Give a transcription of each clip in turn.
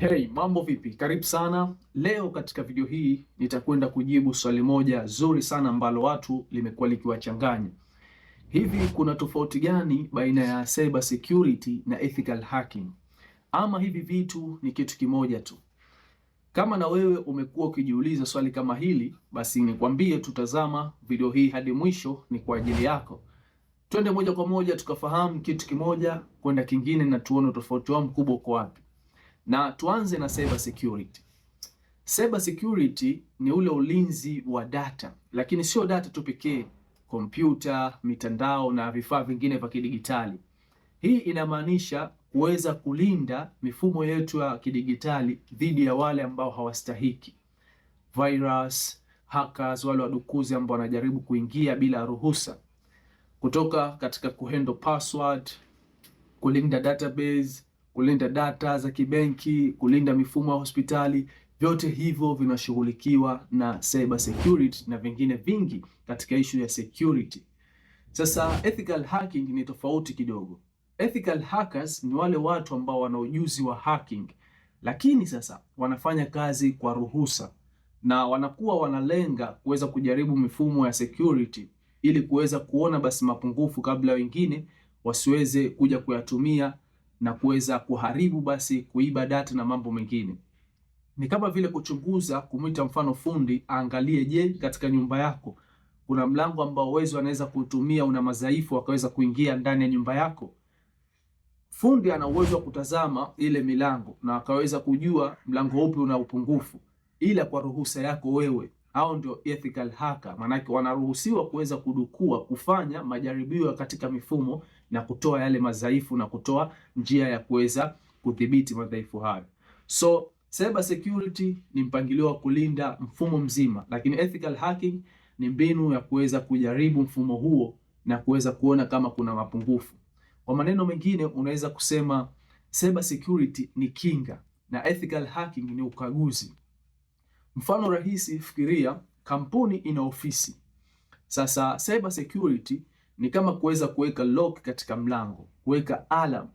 Hey, mambo vipi? Karibu sana. Leo katika video hii nitakwenda kujibu swali moja zuri sana ambalo watu limekuwa likiwachanganya. Hivi kuna tofauti gani baina ya cyber security na ethical hacking? Ama hivi vitu ni kitu kimoja tu? Kama na wewe umekuwa ukijiuliza swali kama hili, basi nikwambie, tutazama video hii hadi mwisho, ni kwa ajili yako. Twende moja kwa moja tukafahamu kitu kimoja kwenda kingine na tuone tofauti wao mkubwa uko wapi na tuanze na cyber security. Cyber security ni ule ulinzi wa data, lakini sio data tu pekee, kompyuta, mitandao na vifaa vingine vya kidigitali. Hii inamaanisha kuweza kulinda mifumo yetu ya kidigitali dhidi ya wale ambao hawastahiki, virus, hackers, wale wadukuzi ambao wanajaribu kuingia bila ruhusa, kutoka katika kuhandle password, kulinda database kulinda data za kibenki, kulinda mifumo ya hospitali, vyote hivyo vinashughulikiwa na cyber security na vingine vingi katika ishu ya security. Sasa ethical hacking ni tofauti kidogo. Ethical hackers ni wale watu ambao wana ujuzi wa hacking, lakini sasa wanafanya kazi kwa ruhusa na wanakuwa wanalenga kuweza kujaribu mifumo ya security ili kuweza kuona basi mapungufu kabla wengine wasiweze kuja kuyatumia na kuweza kuharibu basi kuiba data na mambo mengine. Ni kama vile kuchunguza, kumwita mfano fundi aangalie, je, katika nyumba yako kuna mlango ambao wezi anaweza kuutumia una madhaifu akaweza kuingia ndani ya nyumba yako. Fundi ana uwezo wa kutazama ile milango na akaweza kujua mlango upi una upungufu, ila kwa ruhusa yako wewe. Hao ndio ethical hacker, maanake wanaruhusiwa kuweza kudukua, kufanya majaribio katika mifumo na kutoa yale madhaifu na kutoa njia ya kuweza kudhibiti madhaifu hayo. So cyber security ni mpangilio wa kulinda mfumo mzima, lakini ethical hacking ni mbinu ya kuweza kujaribu mfumo huo na kuweza kuona kama kuna mapungufu. Kwa maneno mengine, unaweza kusema cyber security ni kinga na ethical hacking ni ukaguzi. Mfano rahisi, fikiria kampuni ina ofisi. Sasa cyber security ni kama kuweza kuweka lock katika mlango, kuweka alam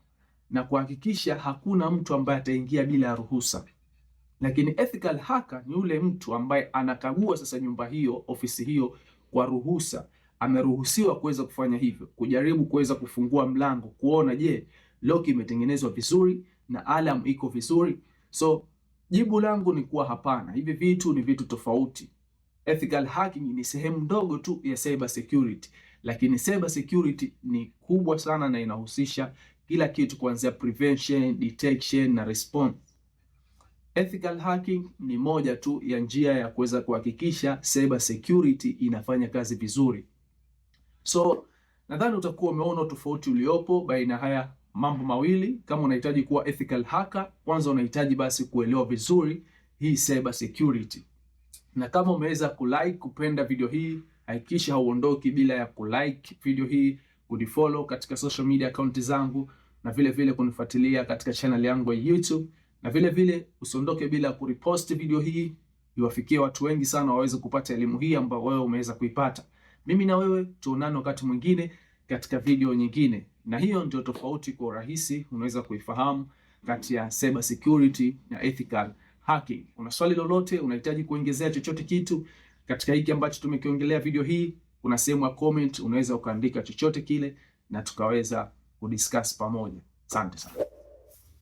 na kuhakikisha hakuna mtu ambaye ataingia bila ruhusa. Lakini ethical hacker ni yule mtu ambaye anakagua sasa nyumba hiyo, ofisi hiyo kwa ruhusa, ameruhusiwa kuweza kufanya hivyo, kujaribu kuweza kufungua mlango, kuona je, lock imetengenezwa vizuri na alam iko vizuri. So jibu langu ni kuwa hapana, hivi vitu ni vitu tofauti. Ethical hacking ni sehemu ndogo tu ya cyber security lakini cyber security ni kubwa sana na inahusisha kila kitu kuanzia prevention, detection na response. Ethical hacking ni moja tu ya njia ya kuweza kuhakikisha cyber security inafanya kazi vizuri. So nadhani utakuwa umeona tofauti uliopo baina haya mambo mawili. Kama unahitaji kuwa ethical hacker, kwanza unahitaji basi kuelewa vizuri hii cyber security, na kama umeweza kulike kupenda video hii Hakikisha hauondoki bila ya kulike video hii, kunifollow katika social media account zangu na vile vile kunifuatilia katika channel yangu ya YouTube na vile vile usiondoke bila ya kurepost video hii iwafikie watu wengi sana waweze kupata elimu hii ambayo wewe umeweza kuipata. Mimi na wewe tuonane wakati mwingine katika video nyingine. Na hiyo ndio tofauti kwa urahisi unaweza kuifahamu kati ya cyber security na ethical hacking. Una swali lolote, unahitaji kuongezea chochote kitu katika hiki ambacho tumekiongelea video hii, kuna sehemu ya comment, unaweza ukaandika chochote kile na tukaweza kudiscuss pamoja. Asante sana.